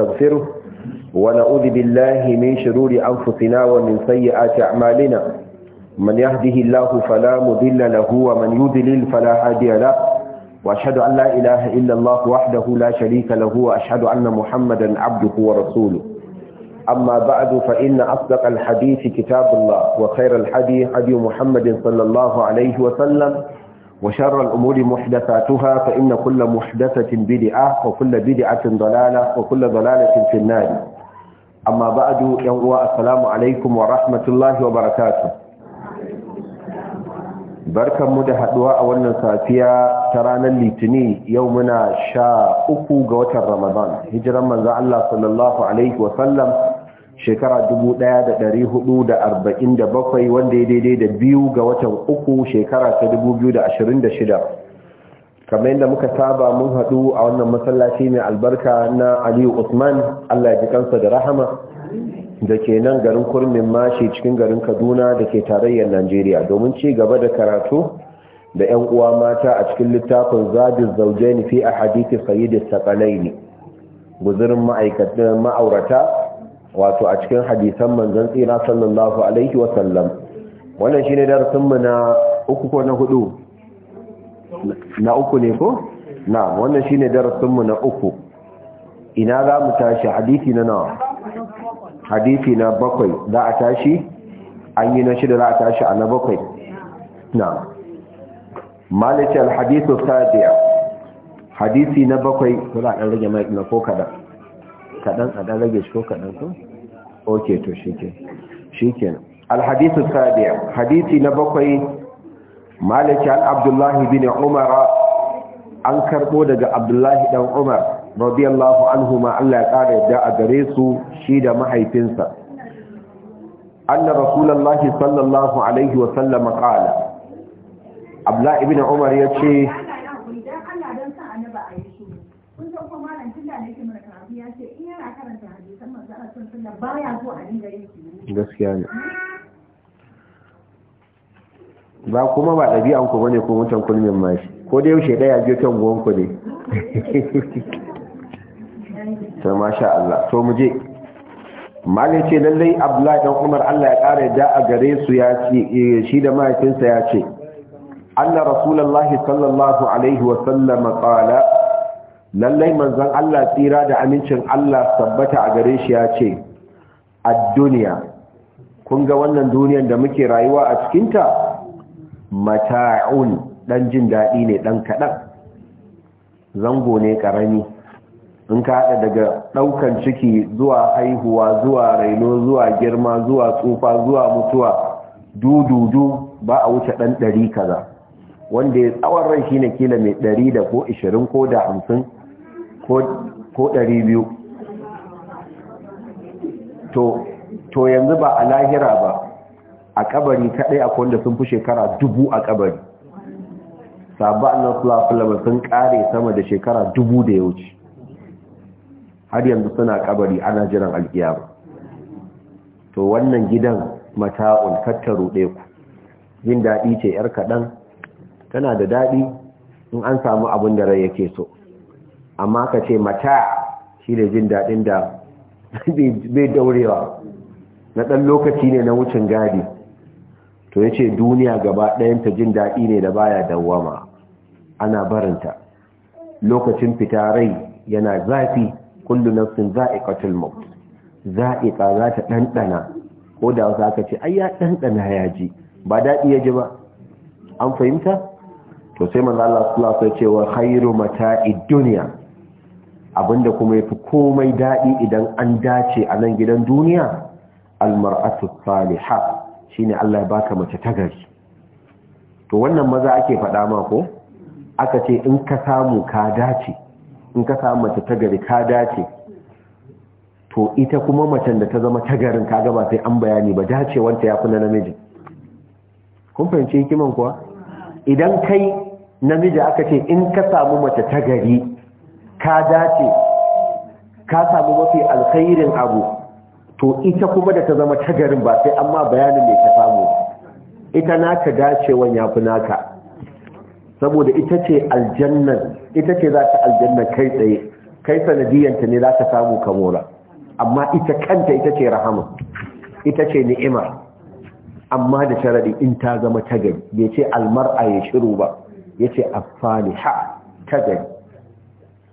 نستغفره ونعوذ بالله من شرور أنفسنا ومن سيئات أعمالنا من يهده الله فلا مضل له ومن يضلل فلا هادي له وأشهد أن لا إله إلا الله وحده لا شريك له وأشهد أن محمدا عبده ورسوله أما بعد فإن أصدق الحديث كتاب الله وخير الحديث حديث محمد صلى الله عليه وسلم وشر الأمور محدثاتها فإن كل محدثة بدعة وكل بدعة ضلالة وكل ضلالة في النار أما بعد يوم السلام عليكم ورحمة الله وبركاته barkan mu da haduwa a wannan safiya ta ranar litini yau muna sha uku ga watan ramadan hijiran manzo Allah sallallahu shekara ɗaya da da ɗari arba'in bakwai wanda ya daidai da biyu ga watan uku shekara ta da da ashirin shida. kamar yadda muka saba mun haɗu a wannan masallaci mai albarka na aliyu usman allah ya ji kansa da rahama da ke nan garin kurmin mashi cikin garin kaduna da ke tarayyar najeriya domin ci gaba da karatu da 'yan uwa mata a cikin littafin zabi zaujeni fi a hadithi sayi da sakalai ne guzurin ma'aurata wato a cikin hadisan manzon tsira sallallahu alaihi wa sallam wannan shine darasin mu na uku ko na hudu na uku ne ko na wannan shine darasin mu na uku ina za mu tashi hadisi na nawa hadisi na bakwai za a tashi an yi na shida za a tashi a na bakwai na malaka alhadithu sadiya hadisi na bakwai za a ɗan rage mai na ko kada kaɗan a ɗan rage shi ko kaɗan ko? ok to shi ke shi ke alhadisu sabiya hadisi na bakwai maliki an abdullahi bin umar an karɓo daga abdullahi ɗan umar radiyallahu anhu ma Allah ya ƙara yadda a gare su shi da mahaifinsa anna rasulallahi sallallahu alaihi wasallama ƙala abdullahi bin umar ya ce gaskiya ne ba kuma ba ɗabi'anku ba ne ko mutan kulmin mashi ko da yaushe ɗaya biyu kan buwan ku ne Ta masha Allah to mu je malin ce lallai abdullahi dan umar Allah ya ƙara ja a gare su ya ce eh, shi da mahaifinsa ya ce Allah Rasulallah sallallahu alaihi wa ƙala lallai manzon Allah tsira da amincin Allah sabbata a gare shi ya ce a duniya? kun ga wannan duniyar da muke rayuwa a cikinta mata'un dan jin daɗi ne dan kaɗan zango ne ƙarami in ka haɗa daga ɗaukan ciki zuwa haihuwa zuwa raino zuwa girma zuwa tsufa zuwa mutuwa dududu ba a wuce ɗan ɗari kaza wanda ya tsawon rai shine kila mai ɗari da ko ishirin ko da hamsin ko ɗari biyu to yanzu ba a lahira ba a ƙabari kaɗai a wanda sun fi shekara dubu a ƙabari. sabu annan sulasulama sun ƙare sama da shekara dubu da ya wuce har yanzu suna ƙabari, ana jiran alkiyama to wannan gidan mata'un kattaro ɗaya ku Yin daɗi ce 'yar kaɗan tana da daɗi in an samu abin da rai yake so amma ka ce mata shi ne jin daɗin da bai daurewa na ɗan lokaci ne na wucin gadi to ya ce duniya gaba ɗayanta jin daɗi ne da baya dawama ana barinta lokacin fita rai yana zafi kullu nafsin za'iqatul maut za'iqa za ta ɗanɗana ko da wasu aka ce ayya ɗanɗana ya ji ba daɗi ya ji ba an fahimta to sai manzo Allah sallallahu alaihi cewa, hairu abinda kuma yafi komai daɗi idan an dace a nan gidan duniya almar'atu salihah shine Allah ya baka mace ta gari to wannan maza ake faɗa ma ko aka ce in ka samu ka dace in ka samu mace ta gari ka dace to ita kuma macen da ta zama tagarin garin kaga ba sai an bayani ba dace dacewanta ya fi na namiji kun fahimci hikiman kuwa idan kai namiji aka ce in ka samu mace ta gari ka dace ka samu mafi alkhairin abu to ita kuma da ta zama tagarin ba sai amma bayanin mai ta samu ita naka dacewan ya fi naka saboda ita ce aljannan ita ce za ta aljannan kai tsaye kai sanadiyanta ne za ta samu kamora amma ita kanta ita ce rahama ita ce ni'ima amma da sharadi in ta zama tagari bai ce a ya shiru ba ya ce ha tagari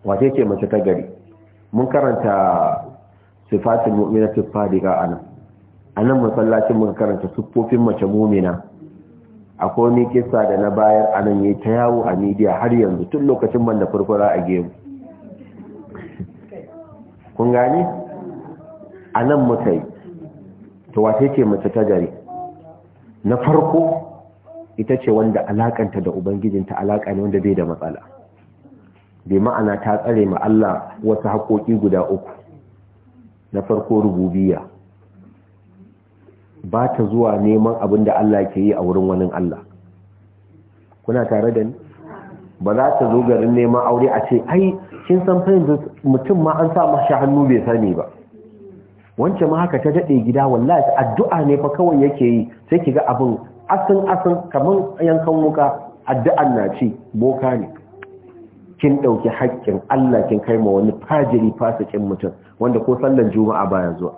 wace ce mace ta gari mun karanta sifatin mu'minatin fadiga a anan, a nan masallacin mun karanta siffofin mace mumina akwai wani kisa da na bayar a nan yayi ta yawo a midiya har yanzu tun lokacin banda furfura a gemu kun gane a nan muka yi to wace ce mace ta gari na farko ita ce wanda alakanta da ubangijinta alaka ne wanda bai da matsala bai ma'ana ta tsare ma Allah wasu haƙoƙi guda uku na farko rububiya ba ta zuwa neman abin da Allah ke yi a wurin wani Allah kuna tare da ni ba za ta zo garin neman aure a ce ai kin san fahimta mutum ma an sa mashi hannu bai sani ba wancan ma haka ta daɗe gida wallahi addu'a ne fa kawai yake yi sai ki ga abin asin asin kamar yankan wuka addu'an na ci boka ne kin ɗauki haƙƙin Allah kin kai ma wani fajiri fasikin mutum wanda ko sallan juma'a baya zuwa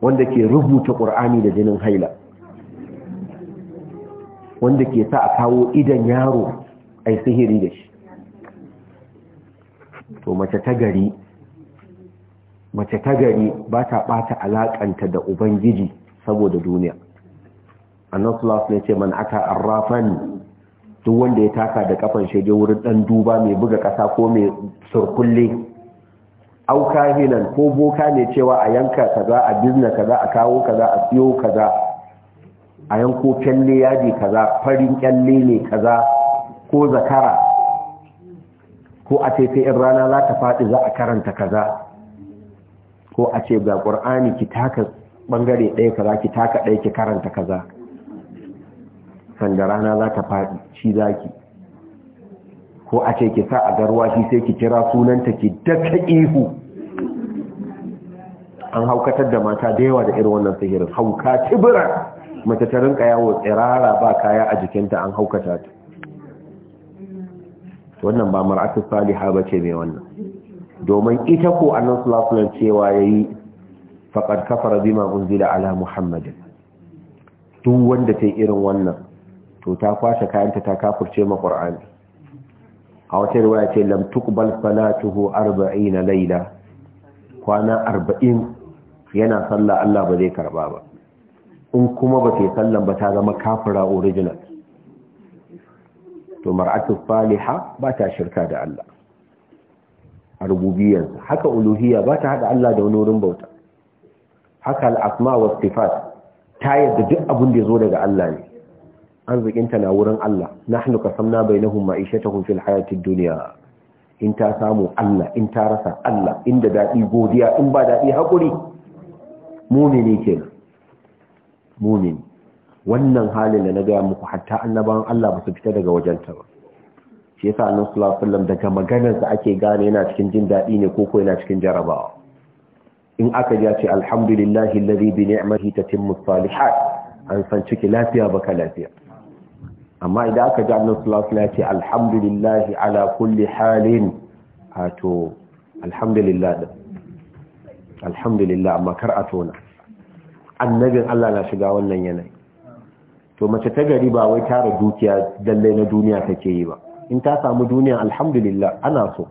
wanda ke rubuta ƙur'ani da jinin haila wanda ke sa a kawo idan yaro ai sihiri da shi to mace ta gari mace ta gari ba ta ɓata alaƙanta da ubangiji saboda duniya alaihi wasallam ne ce man aka arrafan duk wanda ya taka da kafan shi wurin dan duba mai buga kasa ko mai surkulle au kahinan ko boka ne cewa a yanka kaza a bizna kaza a kawo kaza a siyo kaza a yanko kyalle yaji kaza farin kyalle ne kaza ko zakara ko a taife in rana za ta faɗi za a karanta kaza ko a ce ga ƙur'ani ki taka bangare ɗaya kaza ki taka ɗaya ki karanta kaza sanda rana za ta faɗi shi zaki ko a ce ki sa a garwa shi sai ki kira sunanta ki daka ihu an haukatar da mata da yawa da irin wannan sihirin hauka tibira mace ta rinka yawo tsirara ba kaya a jikinta an haukata ta wannan ba mar'atu saliha ce mai wannan domin ita ko annabi sallallahu cewa ya cewa yayi kafar zima bima unzila ala muhammadin duk wanda ta irin wannan to ta kwashe kayanta ta kafurce ma qur'ani a wata riwaya ce lam tuqbal salatuhu na layla kwana 40 yana sallah Allah ba zai karba ba in kuma ba ta sallan ba ta zama kafira original to mar'atu saliha ba ta shirka da Allah a rububiyarsa haka uluhiyya ba ta haɗa Allah da wani wurin bauta haka al'asma wa sifat ta yadda duk abin da ya zo daga Allah ne arzikinta na wurin Allah nahnu qasamna bainahum ma'ishatahum fil hayatid dunya in ta samu Allah in ta rasa Allah inda dadi godiya in ba dadi hakuri mumini kenan mumini wannan halin da na gaya muku hatta annabawan Allah ba su fita daga wajenta ba shi yasa annabi sallallahu alaihi wasallam daga maganar da ake gane yana cikin jin dadi ne ko ko yana cikin jarabawa in aka ji ce alhamdulillahi alladhi bi ni'matihi tatimmu salihat an san ciki lafiya baka lafiya amma idan aka ji annabi sallallahu alaihi ce alhamdulillahi ala kulli halin ato alhamdulillah da alhamdulillah amma kar a tona annabin Allah na shiga wannan yanayi to mace ta gari ba wai tara dukiya dalle na duniya take yi ba in ta samu duniya alhamdulillah ana so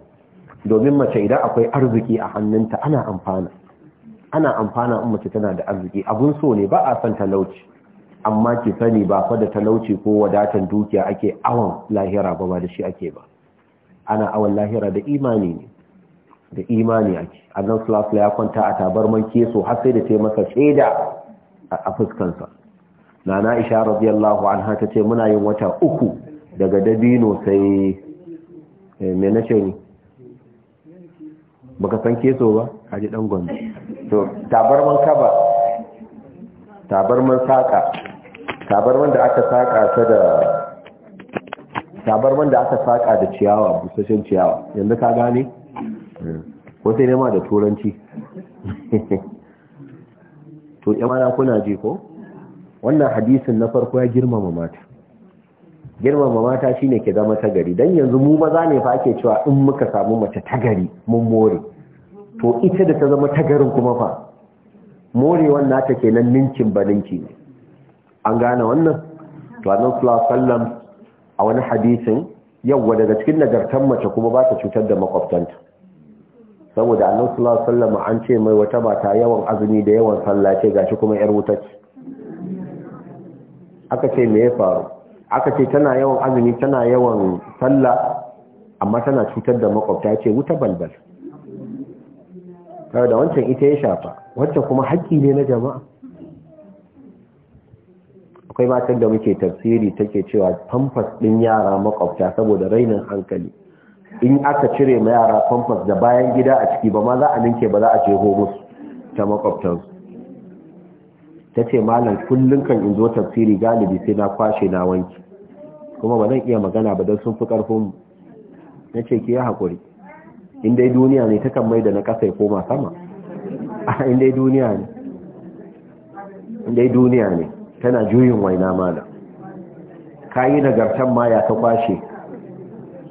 domin mace idan akwai arziki a hannunta ana amfana ana amfana in mace tana da arziki abun so ne ba a son talauci amma ki sani ba fa da talauci ko wadatan dukiya ake awon lahira ba ba da shi ake ba ana awon lahira da imani ne da imani ake annan sulasula ya kwanta a tabarman keso har sai da yi masa shaida a fuskansa nana isha radiyallahu anha ta ce muna yin wata uku daga dabino sai eh, me nace ni baka san keso ba kaji dan gwamnati to tabarman kaba tabarman saƙa tabarman da aka saƙa ta da tabarman da aka saƙa da ciyawa busashen ciyawa yanzu ka gane ko sai nema da turanci to yamana kuna ji ko wannan hadisin na farko ya girmama mata girmama mata shine ke zama ta gari dan yanzu mu maza ne fa ake cewa in muka samu mace ta gari mun more to ita da ta zama ta garin kuma fa morewan nata kenan ninkin ba ninki ne an gane wannan to annabi sallallahu alaihi a wani hadisin yawwa daga cikin nagartan mace kuma ba ta cutar da makwabtanta saboda annabi sallallahu alaihi an ce mai wata mata yawan azumi da yawan sallah ce gashi kuma yar wuta ce aka ce me ya faru aka ce tana yawan azumi tana yawan sallah amma tana cutar da makwabta ce wuta balbal da wancan ita ya shafa wancan kuma haƙƙi ne na jama'a akwai matan da muke tafsiri take cewa pampas ɗin yara makwabta saboda rainin hankali in aka cire ma yara pampas da bayan gida a ciki ba ma za a ninke ba za a jeho musu ta makwabtansu ta ce malam kullum kan in zo tafsiri galibi sai na kwashe na wanki kuma ba zan iya magana ba don sun fi ƙarfin na ce ki yi haƙuri in dai duniya ne ta kan mai da na kasa ya koma sama ah, in dai duniya ne in dai duniya ne tana juyin waina mana kayi nagartan maya ta kwashe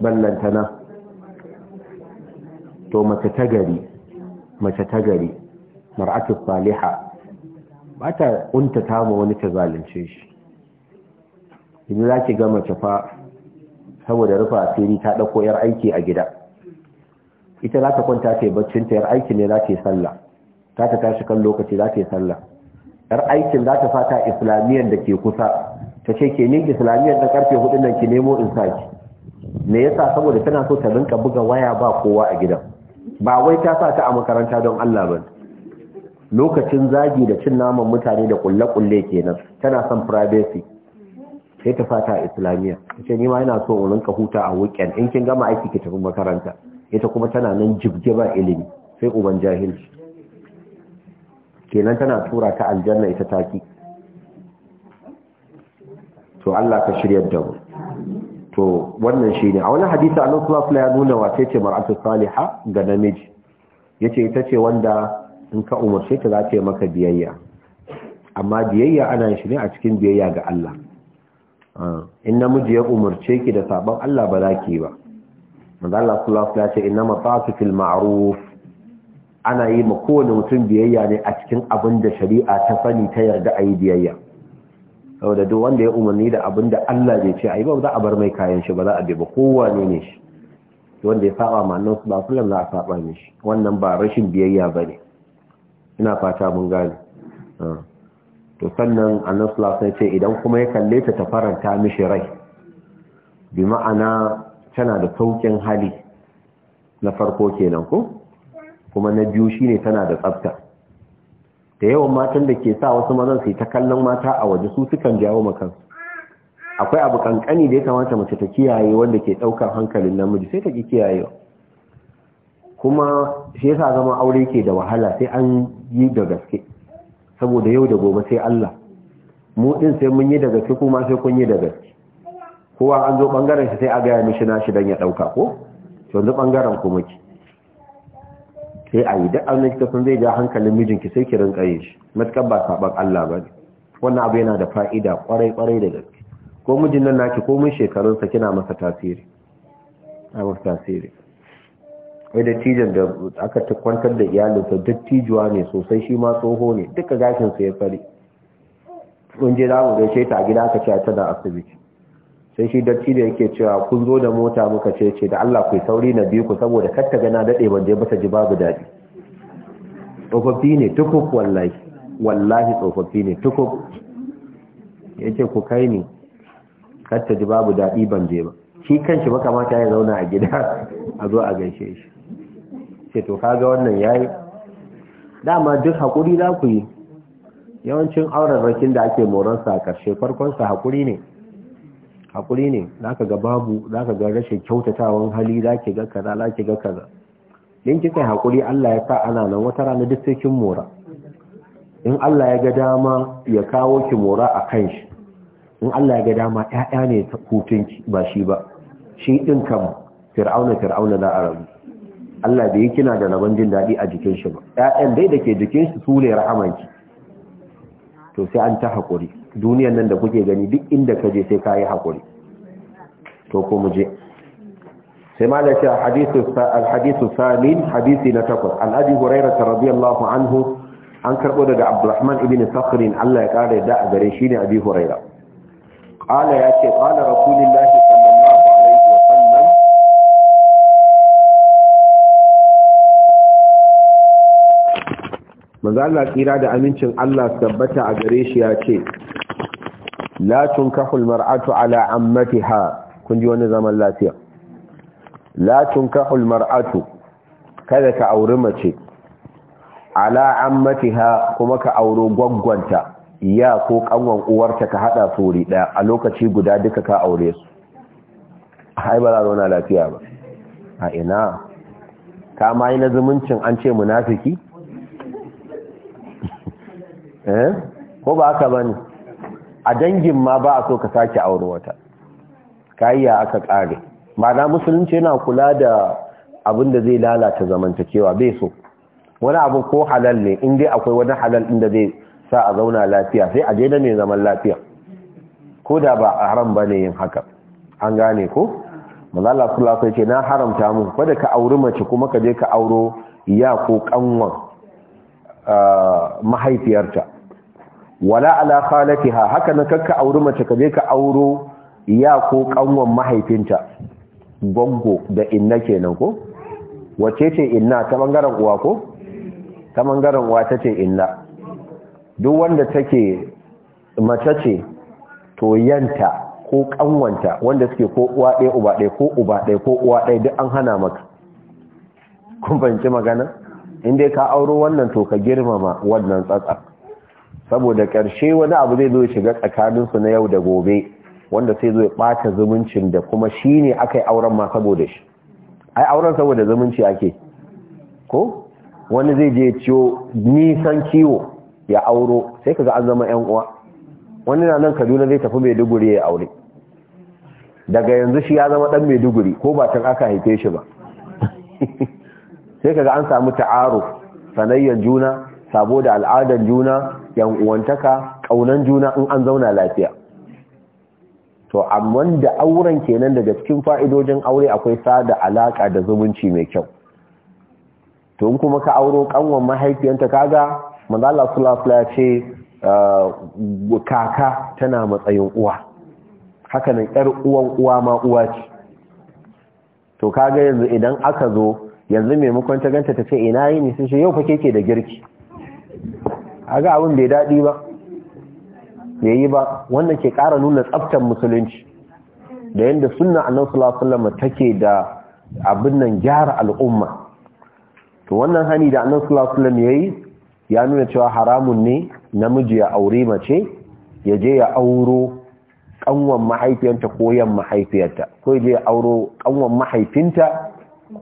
ballantana to mace ta gari mace ta gari mar'atu saliha ba ta unta ta ma wani ta zalunce shi idan za ki ga mace fa saboda rufa asiri ta ɗauko yar aiki a gida ita za ta kwanta ta yi baccin ta yar aikin ne za ta yi sallah ta ta tashi kan lokaci za ta yi sallah yar aikin za ta fata islamiyyar da ke kusa ta ce ke ni islamiyyar da karfe hudun nan ki nemo in saki me yasa saboda tana so ta rinka buga waya ba kowa a gidan ba wai ta sa ta a makaranta don Allah ba lokacin zagi da cin naman mutane da kulle-kulle kenan tana son privacy sai ta fata islamiyya ta ce ni ma yana so in rinka huta a weekend in kin gama aiki ki tafi makaranta ita kuma tana nan jibge ba ilimi sai uban jahil. kenan tana tura ta aljanna ita taki to Allah ka shiryar da mu to wannan shi ne. a wani hadisi Allah subhanahu ya nuna wace ce mar'atu saliha ga namiji yace ita ce wanda in ka umarce ta za ta yi maka biyayya amma biyayya ana shi ne a cikin biyayya ga Allah ah, in namiji ya umarce ki da sabon Allah ba za ki ba manzo Allah sallallahu alaihi wasallam ya ce inna mata'atu fil ma'ruf ana yi ma kowane mutum biyayya ne a cikin abin da shari'a ta sani ta yarda a yi biyayya saboda duk wanda ya umarni da abin da Allah bai ce a yi ba za a bar mai kayan shi ba za a bai ba kowane ne shi wanda ya saba ma annan su ba kullum za a saba ne shi wannan ba rashin biyayya ba ne ina fata mun gane ah. to sannan annan su ce idan kuma ya kalle ta ta faranta mishi rai bi ma'ana tana da saukin hali na farko kenan ko kuma na biyu shine tana da tsafta da yawan matan da ke sa wasu mazan su ta kallon mata a waje su sukan jawo makan akwai abu kankani da ya kamata mace ta kiyaye wanda ke ɗaukar hankalin namiji sai ta ki kiyaye. kuma shi yasa zama aure ke da wahala sai an yi da gaske saboda yau da gobe sai Allah mu din sai mun yi da gaske kuma sai kun yi da gaske kowa an zo bangaren shi sai a gaya mishi nashi don ya ɗauka ko yanzu bangaren kuma ki sai a yi da'an da kika san zai ja hankalin mijinki sai ki rinka yin shi matakan ba saban Allah ba ne wannan abu yana da fa'ida kwarai kwarai da gaske ko mijin nan naki ko mun shekarun kina masa tasiri a masa tasiri wai da da aka kwantar da iyalinsa duk ne sosai shi ma tsoho ne duka gashin ya fari kun je za mu gaishe ta a gida aka ce a asibiti sai shi datti da yake cewa kun zo da mota muka ce ce da Allah ku sauri na biyu ku saboda katta gana dade ban je ba ta ji babu dadi tsofaffi ne tukuk wallahi wallahi tsofaffi ne tukuk yace ku kai ni katta ji babu dadi ban je ba shi kanshi ba kamata ya zauna a gida a zo a gaishe shi sai to kaga wannan yayi dama duk hakuri za ku yi yawancin auren rakin da ake moransa a ƙarshe farkonsa hakuri ne haƙuri ne za ka ga babu za ka ga rashin kyautatawan hali za ki ga kaza za ki ga kaza in kika yi haƙuri Allah ya sa ana nan wata rana duk sai kin mora in Allah ya ga dama ya kawo ki mora a kan shi in Allah ya ga dama ƴaƴa ne hutun ki ba shi ba shi din kam fir'auna fir'auna da arabu Allah bai kina da rabon jin daɗi a jikin shi ba ƴaƴan dai da ke jikin shi su ne rahamanki to sai an ta haƙuri duniyan nan da kuke gani duk inda ka je sai ka yi haƙuri to ko mu je sai ma da ce alhadisu Salin hadisi na takwas al'adi hurairata radiyallahu anhu an karɓo daga abdulrahman ibn sakhirin allah ya ƙara yadda a gare shi ne abi huraira ƙala ya ce ƙala rasulillahi sallallahu alaihi wa sallam da amincin allah tabbata a gare shi ya ce la tunkahul mar'atu ala ammatiha kun ji wani zaman lafiya la tunkahul mar'atu kada ka auri mace ala ammatiha kuma ka auro gwaggwanta ya ko kanwan uwarta ka haɗa sori ɗaya. a lokaci guda duka ka aure su ai ba za na lafiya ba a ina ka na zumuncin an ce munafiki ko ba haka bane a dangin ma ba a so ka sake auri wata kayya aka kare ma'ana musulunci yana kula da abin da zai lalata zamantakewa bai so wani abu ko halal ne in dai akwai wani halal inda zai sa a zauna lafiya sai a je mai zaman lafiya ko da ba a haram ba ne yin haka an gane ko mazala kula sai ce na haramta mu kada ka auri mace kuma ka je ka auro ya ko kanwar ah, mahaifiyarta wala ala khalatiha haka na kakka auri mace ka je ka auro ya ko kanwan mahaifinta gongo da inna kenan ko wace ce inna ta bangaren uwa ko ta bangaren uwa ta ce inna duk wanda take mace ce to yanta ko kanwanta wanda suke ko uwa ɗaya uba ɗaya ko uba ɗaya ko uwa ɗaya duk an hana maka kun fahimci magana in dai ka auro wannan to ka girmama wannan tsatsa saboda ƙarshe wani abu zai zo ya shiga tsakaninsu na yau da gobe wanda sai zo ya ɓata zumuncin da kuma shi ne aka yi auren ma saboda shi ai auren saboda zumunci ake ko wani zai je ciwo nisan kiwo ya auro sai kaga an zama yan uwa wani na nan kaduna zai tafi maiduguri ya aure daga yanzu shi ya zama dan maiduguri ko ba can aka haife shi ba sai kaga an samu ta'aro sanayyar juna Saboda al'adar juna yan uwantaka kaunan juna in an zauna lafiya to amma da auren kenan daga cikin fa'idojin aure akwai sada alaka da zumunci mai kyau to in kuma ka auro kanwan mahaifiyanta kaga manzo Allah sallallahu alaihi ce ah, kaka tana matsayin uwa haka nan yar uwan uwa ma uwa ce to kaga yanzu idan aka zo yanzu maimakon ta ganta ta ce ina yi ne sai yau fa keke da girki a ga abin bai daɗi ba bai yi ba wannan ke ƙara nuna tsaftar musulunci da yadda sunna annabi sallallahu take da abin nan gyara al'umma to wannan hani da annabi sallallahu alaihi yayi ya nuna cewa haramun ne namiji ya aure mace ya je ya auro ƙanwan mahaifiyarta ko yan mahaifiyarta ko ya je ya auro ƙanwan mahaifinta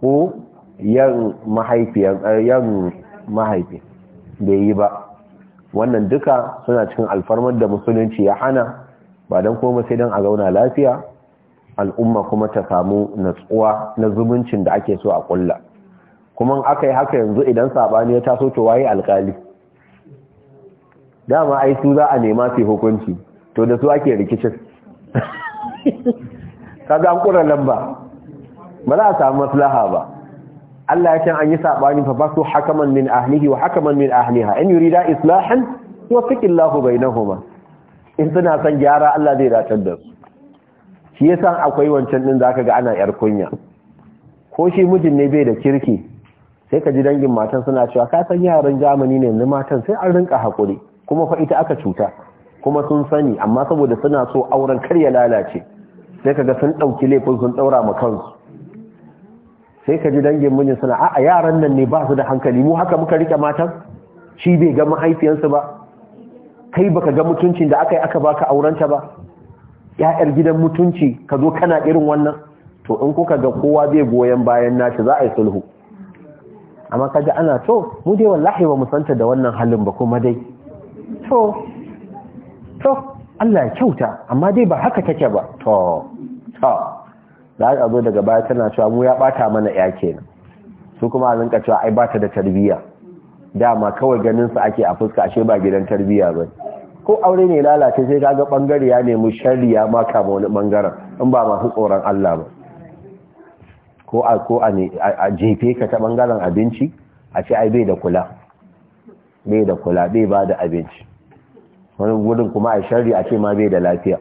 ko yan mahaifiyan eh, yan mahaifi bai yi ba wannan duka suna cikin alfarmar da musulunci ya hana ba don koma sai don a zauna lafiya al'umma kuma ta samu natsuwa na zumuncin da ake so a kulla kuma aka yi haka yanzu idan sabani ya taso to waye alkali dama ai su za a nema su hukunci to da su ake rikicin kaga an kura lamba ba za a samu maslaha ba Allah ya ce an yi sabani fa basu hakaman min ahlihi wa hakaman min ahliha in yurida islahan yuwaffiqillahu bainahuma in suna san gyara Allah zai ratar da su shi yasa akwai wancan din zaka ga ana yar kunya ko shi mijin ne bai da kirki sai ka ji dangin matan suna cewa ka san yaran zamani ne na matan sai an rinka hakuri kuma fa ita aka cuta kuma sun sani amma saboda suna so auren kar ya lalace sai ka ga sun dauki laifin sun daura ma kansu sai ka ji dangin mijin suna a yaran nan ne ba su da hankali mu haka muka rike matan shi bai ga mahaifiyarsa ba kai baka ga mutuncin da aka yi aka baka aurenta ba ya'yar gidan mutunci ka zo kana irin wannan to in kuka ga kowa zai goyon bayan nashi za a yi sulhu amma kaji ana to mu dai wallahi ba mu santa da wannan halin ba kuma dai to to Allah ya kyauta amma dai ba haka take ba to to da aka zo daga baya tana cewa mu ya bata mana ya kenan su kuma a rinka cewa ai bata da tarbiyya dama kawai ganin su ake a fuska ashe ba gidan tarbiyya ba ko aure ne lalace sai kaga bangare ya nemi sharri ya maka ma wani bangaren in ba masu tsoron Allah ba ko a ko a ne a jefe ka ta bangaren abinci a ce ai bai da kula bai da kula bai ba da abinci wani wurin kuma a sharri a ce ma bai da lafiya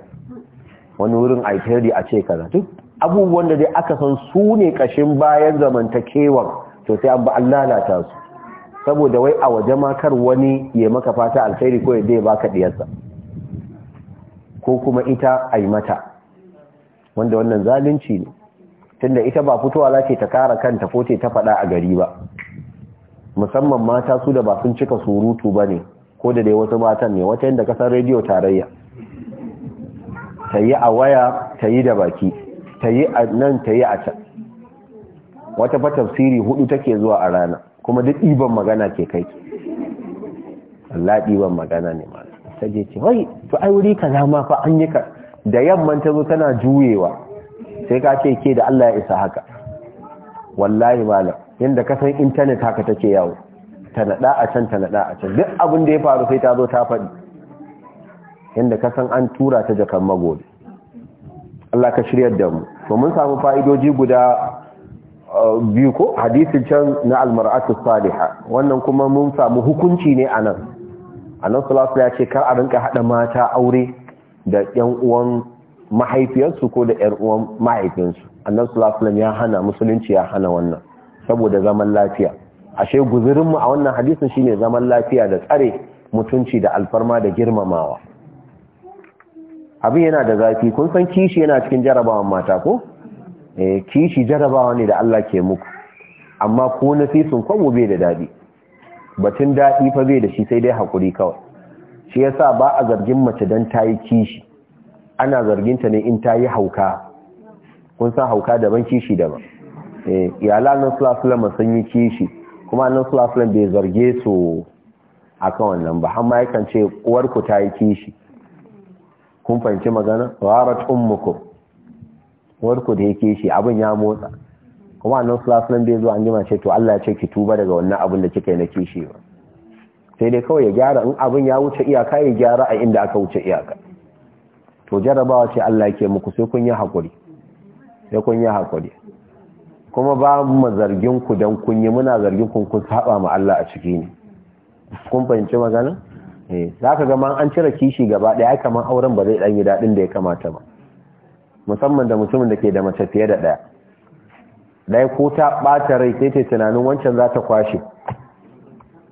wani wurin a sharri a ce kaza duk abubuwan da dai aka san su ne ƙashin bayan zamantakewar to sai an ba an lalata su saboda wai a waje makar wani ya maka fata alkhairi ko ya baka diyarsa ko kuma ita yi mata wanda wannan zalunci ne tunda ita ba fitowa za ce ta kara kanta ko ce ta faɗa a gari ba musamman mata su da ba sun cika surutu ba ne ko da dai wasu matan ne wata yadda kasar rediyo tarayya ta yi a waya ta yi da baki ta yi a nan ta yi a can wata fa tafsiri hudu take zuwa a rana kuma duk ɗiban magana ke kai Allah ɗiban magana ne ma ta je ce wai to ai wuri kaza ma fa an yi ka da yamman ta zo tana juyewa sai ka ce ke da Allah ya isa haka wallahi malam yanda ka san internet haka take yawo ta nada a can ta nada a can duk abin da ya faru sai ta zo ta faɗi yanda ka san an tura ta jakan magodi Allah ka shiryar da mu to mun samu fa'idoji guda uh, biyu ko hadisin can na almar'atu salihah wannan kuma mun samu hukunci ne anan annan salatu ya ce kar a rinka haɗa mata aure da ƴan uwan mahaifiyarsu ko da ƴan uwan mahaifinsu annan salatu ya hana musulunci ya hana wannan saboda zaman lafiya ashe guzurinmu a wannan hadisin shine zaman lafiya da tsare mutunci da alfarma da girmamawa abin yana da zafi kun san kishi yana cikin jarabawan mata ko eh kishi jarabawa ne da Allah ke muku amma ko nafisun kwabo bai da dadi batun dadi fa bai da shi sai dai hakuri kawai shi yasa ba a zargin mace dan tayi kishi ana zargin ta ne in tayi hauka kun san hauka daban kishi daban eh iyalan sallallahu alaihi sun yi kishi kuma nan sallallahu alaihi bai zarge su akan wannan ba amma yakan ce uwar uwarku tayi kishi kun fahimci magana gharat ummukum warku da yake shi abin ya motsa kuma annan sallallahu alaihi bai zo an jima ce to Allah ya ce ki tuba daga wannan abin da kika yi na kishi ba sai dai kawai ya gyara in abin ya wuce iyaka ya gyara a inda aka wuce iyaka to jarabawa ce Allah ke muku sai kun yi hakuri sai kun yi hakuri kuma ba mu zargin ku dan kun yi muna zargin kun kun saba ma Allah a ciki ne kun fahimci magana Eh, za ka gama an cire kishi gaba ɗaya kamar auren ba zai ɗan yi daɗin da ya kamata ba musamman da mutumin da ke da mace fiye da ɗaya ɗaya ko ta ɓata rai sai ta tunanin wancan za ta kwashe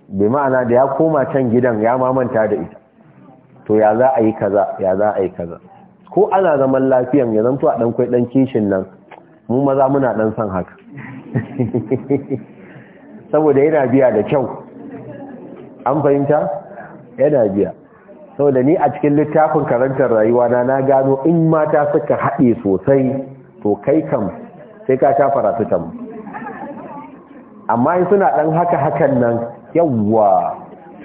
bai ma'ana da ya koma can gidan ya mamanta da ita to ya za a yi kaza ya za a yi kaza ko ana zaman lafiyan ya zanto a ɗan kwai ɗan kishin nan mu maza muna ɗan son haka saboda yana biya da kyau an fahimta yana biya da ni a cikin littafin karantar rayuwa na na gano in mata suka haɗe sosai to kai kam sai ka sha farasitam amma suna ɗan haka hakan nan yawwa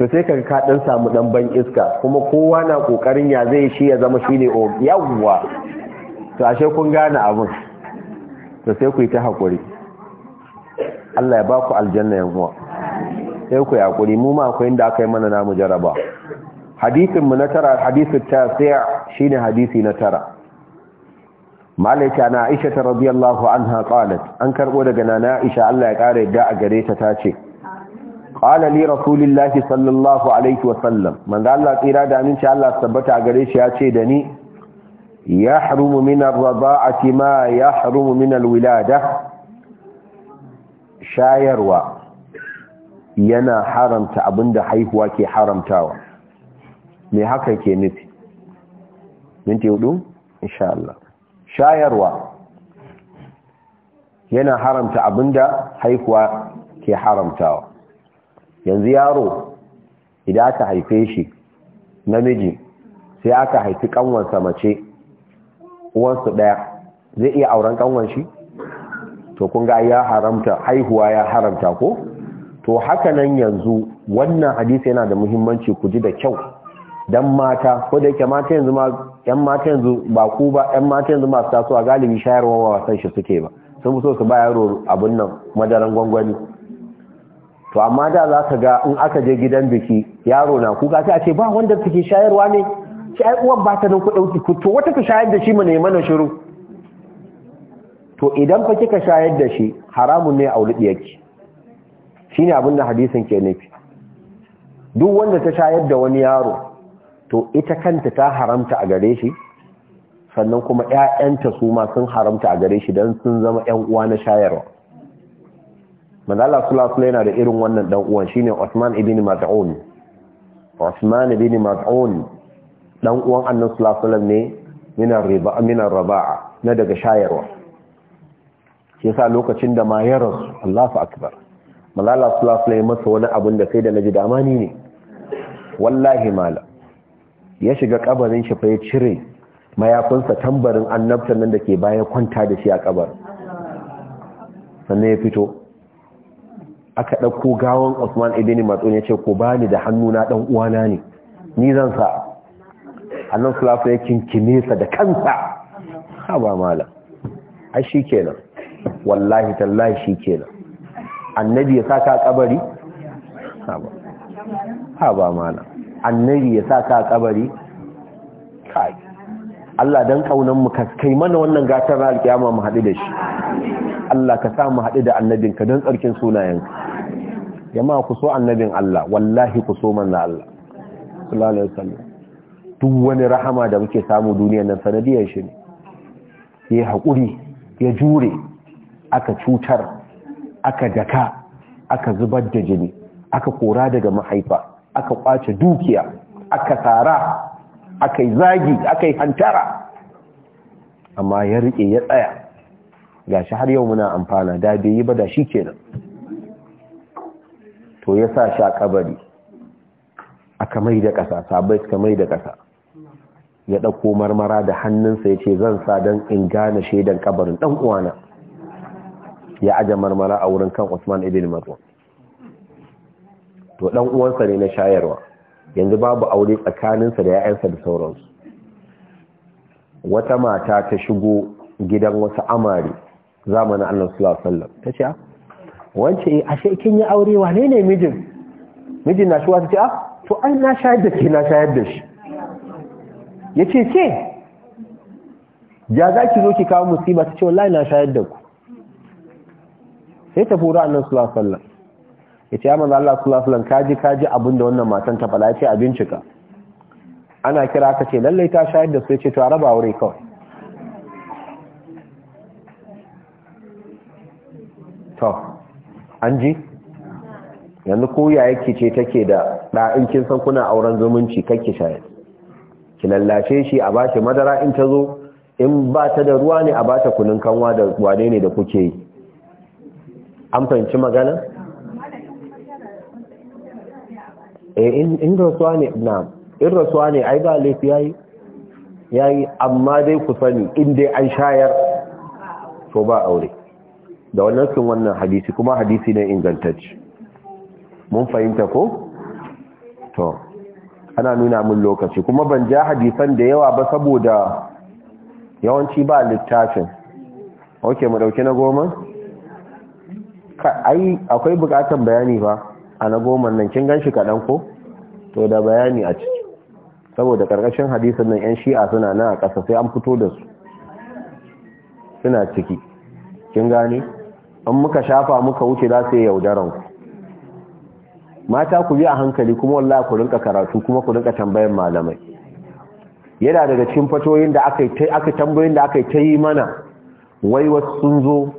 to sai ka ka ɗan samu ɗan ban iska kuma kowa na ƙoƙarin ya zai shi ya zama shi ne yawwa to ashe kun gane abin to sai ku yi ta haƙuri Allah ya ba ku aljanna yan uwa sai ku yakuri mu ma akwai inda aka yi mana namu jaraba hadisin na tara hadisin tasi'a shine hadisi na tara malaika na Aisha ta radiyallahu anha qalat an karbo daga nana Aisha Allah ya ƙara yadda a gare ta tace qala li rasulillahi sallallahu alaihi wa sallam manzo Allah tsira da aminci Allah tabbata a gare shi ya ce da ni yahrumu min ar-rada'ati ya yahrumu min al shayarwa yana haramta abinda haihuwa ke haramtawa me haka ke nufi minti hudu insha Allah shayarwa yana haramta abinda haihuwa ke haramtawa yanzu yaro idan aka haife shi namiji sai aka haifi kanwansa mace uwansu daya zai iya auren kanwanshi to kun ga ya haramta haihuwa ya haramta ko to haka nan yanzu wannan hadisi yana da muhimmanci ku ji da kyau dan mata ko da yake mata yanzu ma yan mata yanzu ba ku ba yan mata yanzu masu tasowa galibi shayarwa ba wasan shi suke ba sun fi so su ba yaro abun nan madaran gwangwani to amma da za ka ga in aka je gidan biki yaro na kuka sai a ce ba wanda suke shayarwa ne shi ai uwan ba ta nan ku dauki ku to wata ka shayar da shi mu ne mana shiru to idan fa kika shayar da shi haramun ne a wuliyarki shine abin da hadisin ke nufi duk wanda ta shayar da wani yaro to ita kanta ta haramta a gare shi sannan kuma 'ya'yanta su ma sun haramta a gare shi don sun zama 'yan uwa na shayarwa manzo sula sula yana da irin wannan dan uwan shine Osman ibn Maz'un Osman ibn Maz'un dan uwan annan sula ne minar raba'a na daga shayarwa shi yasa lokacin da ma ya rasu Allahu akbar malala sulafula ya masa wani abun da sai da na ji damani ne wallahi mala ya shiga kabarin shi fa ya cire mayafinsa tambarin annabtan nan da ke baya kwanta da shi a kabar sannan ya fito aka ɗauko gawon usman ibini matsun ya ce ko ba ni da hannu na ɗan uwana ne ni zan sa annan sulafu ya kinkime sa da kansa ha ba mala ai shi kenan wallahi tallahi shi kenan annabi ya saka kabari ha ba mana annabi ya saka kabari kai Allah dan kaunan mu kai mana wannan gatar alkiyama mu haɗu da shi Allah ka sa mu haɗu da annabinka don tsarkin sunayenka jama'a ku so annabin Allah wallahi ku so manzo Allah sallallahu alaihi wasallam duk wani rahama da muke samu duniyar nan sanadiyar shi ne ya hakuri, ya jure aka cutar aka daka aka zubar da jini aka kora daga mahaifa aka kwace dukiya aka tsara aka yi zagi aka yi hantara amma ya riƙe ya tsaya ga shi har yau muna amfana da bai yi ba da shi kenan to ya sa sha kabari aka mai da ƙasa sabai suka mai da ƙasa ya ɗauko marmara da hannunsa ya ce zan sa don in gane shaidan kabarin ɗan uwana ya aje marmara a wurin kan Usman ibn Maz'un to dan uwansa ne na shayarwa yanzu babu aure tsakaninsa da 'ya'yansa da sauransu wata mata ta shigo gidan wasu amari zamanin Allah sallallahu alaihi wasallam tace ah, wance ashe kin yi aure wane ne mijin mijin na shuwa tace a ah, to ai na shayar da ke na shayar da shi yace ce ya za ki zo ki kawo musiba tace ce wallahi na shayar da ku sai ta fura annan sulafallan ya ce ya manzan Allah sulafallan kaji kaji abinda wannan matan ta fala ce a bincika ana kira ka ce lallai ta shayar da su ya ce to raba wuri kawai to an ji yanzu ko ya yake ce take da ɗa'in kin san kuna auren zumunci kake shayar ki lallashe shi a bashi madara in ta zo in ba ta da ruwa ne a ba ta kunin kanwa da wane ne da kuke yi an fahimci magana eh, in rasuwa ne na in rasuwa ne ai ba laifi yayi yayi amma dai ku sani in dai an shayar to ba aure da wannan sun wannan hadisi kuma hadisi ne ingantacci mun fahimta ko to ana nuna min lokaci kuma ban ja hadisan da yawa ba saboda yawanci ba littafin ok mu dauki na goma akwai bukatan bayani ba a na goma nan kin ganshi kaɗan ko to da bayani a ciki saboda ƙarƙashin hadisin nan 'yan shi'a suna nan a ƙasa sai an fito da su suna ciki kin gane in muka shafa muka wuce za su yi yaudaran ku mata ku bi a hankali kuma wallahi ku rinka karatu kuma ku rinka tambayan malamai yana daga cikin fatoyin da aka yi aka da aka yi ta yi mana wai wasu sun zo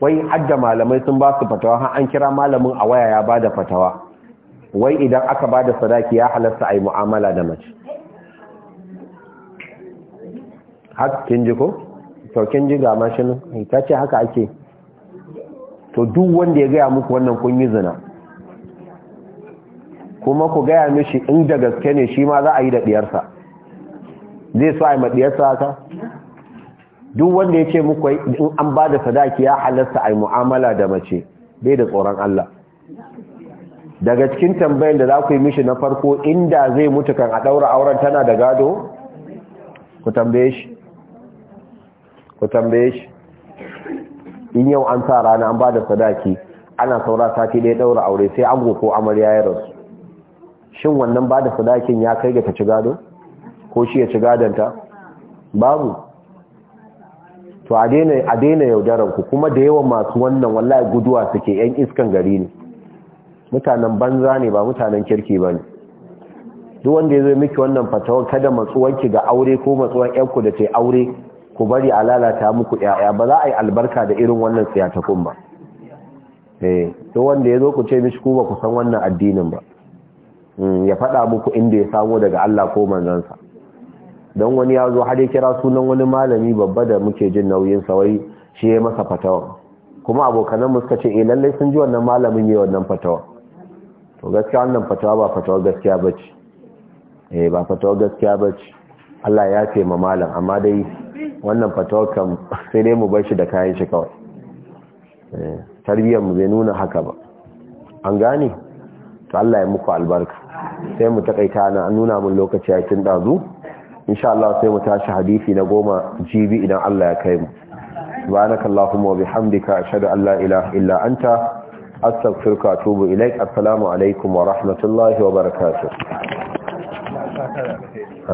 wai hajja malamai sun ba su fatawa har an kira malamin a waya ya bada da fatawa wai idan aka ba sadaki ya halasta a yi mu'amala da mace haka kin ji ko? kin ji ga mashin ta ce haka ake to duk wanda ya gaya muku wannan kun yi zina kuma ku gaya mishi in da gaske ne shi ma za a yi da ɗiyarsa zai so a yi maɗiyarsa haka? duk wanda ya ce muku in an ba da sadaki ya halasta a mu'amala da mace bai da tsoron Allah daga cikin tambayin da za ku yi mishi na farko inda zai mutu kan a ɗaura auren tana da gado ku tambaye shi ku tambaye shi in yau an sa rana an ba da sadaki ana saura sati ɗaya ɗaura aure sai an ko amarya ya rasu shin wannan ba da sadakin ya kai ga ta ci gado ko shi ya ci gadonta babu to a daina yaudarar ku kuma da yawan masu wannan wallahi guduwa suke yan iskan gari ne mutanen banza ne ba mutanen kirki ba ne duk wanda ya zo miki wannan fatawa kada matsuwanki ga aure ko matsuwan yanku da ce aure ku bari a lalata muku yaya ba za a yi albarka da irin wannan siyatakun ba eh to wanda ya zo ku ce mishi ku ba ku san wannan addinin ba hmm, ya faɗa muku inda ya samo daga Allah ko manzansa don wani ya zo har ya kira sunan wani malami babba da muke jin nauyin sawai shi ya masa fatawa kuma abokanan mu suka ce eh lalle sun ji wannan malamin ne wannan fatawa to gaskiya wannan fatawa ba fatawa gaskiya bace eh ba fatawa gaskiya bace Allah ya ce ma malam amma dai wannan fatawa kam sai dai mu bar shi da kayan shi kawai eh, tarbiyyar mu bai nuna haka ba an gane to Allah ya muku albarka sai mu takaita na nuna mun lokaci a cikin dazu insha Allah sai mu tashi hadisi na goma jibi idan Allah ya kai mu subhanaka na wa bihamdika ashhadu an la ilaha illa anta astaghfiruka wa atubu ilaik assalamu alaikum wa rahmatullahi wa barakatuh